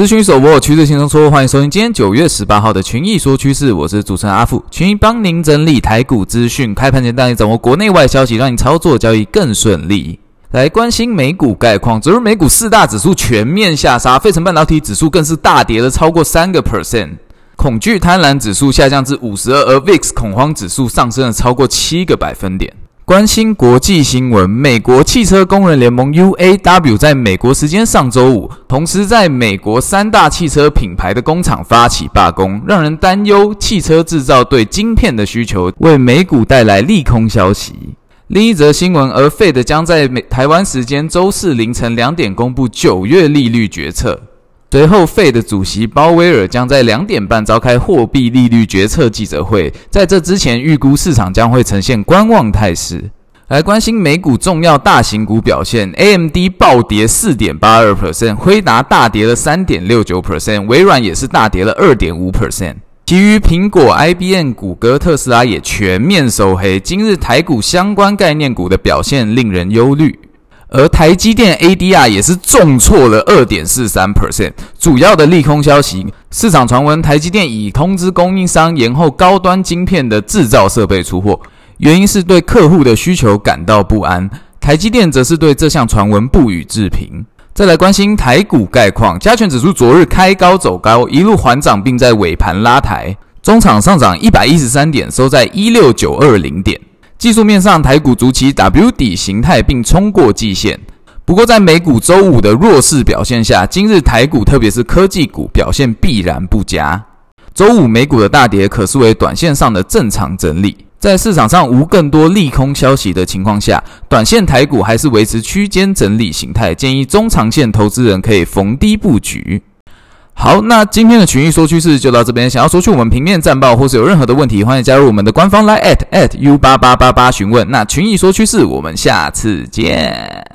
資訊一手握，趨勢輕鬆說，歡迎收聽今天九月十八號的群益說趨勢，我是主持人阿富，群益幫您整理台股資訊，開盤前帶你掌握國內外消息，讓你操作交易更順利。來關心美股概況，昨日美股四大指數全面下殺，費城半導體指數更是大跌了超過三個 percent，恐懼貪婪指數下降至五十二，而 VIX 恐慌指數上升了超過七個百分點。關心國際新聞，美國汽車工人聯盟 （UAW） 在美國時間上周五，同時在美國三大汽車品牌的工廠發起罷工，讓人擔憂汽車製造對晶片的需求，為美股帶來利空消息。另一則新聞，而 Fed 將在美台灣時間周四凌晨兩點公布九月利率決策。隨後，Fed 主席鮑威爾將在兩點半召開貨幣利率決策記者會。在這之前，預估市場將會呈現觀望態勢。來關心美股重要大型股表現，AMD 暴跌四點八二 percent，輝達大跌了三點六九 percent，微軟也是大跌了二點五 percent。其餘蘋果、IBM、谷歌、特斯拉也全面收黑。今日台股相關概念股的表現令人憂慮。而台積電 ADR 也是重挫了二點四三 percent，主要的利空消息，市場傳聞台積電已通知供應商延後高端晶片的製造設備出貨，原因是對客戶的需求感到不安。台積電則是對這項傳聞不予置評。再來關心台股概況，加權指數昨日開高走高，一路緩漲，並在尾盤拉抬，終場上漲一百一十三點，收在一六九二零點。技術面上，台股築起 W 底形態，並衝過季線。不過，在美股周五的弱勢表現下，今日台股特別是科技股表現必然不佳。周五美股的大跌可視為短線上的正常整理，在市場上無更多利空消息的情況下，短線台股還是維持區間整理形態。建議中長線投資人可以逢低布局。好，那今天的群益說趨勢就到這邊。想要索取我們平面戰報，或是有任何的問題，歡迎加入我們的官方來艾特艾特 u 八八八八詢問。那群益說趨勢，我們下次見。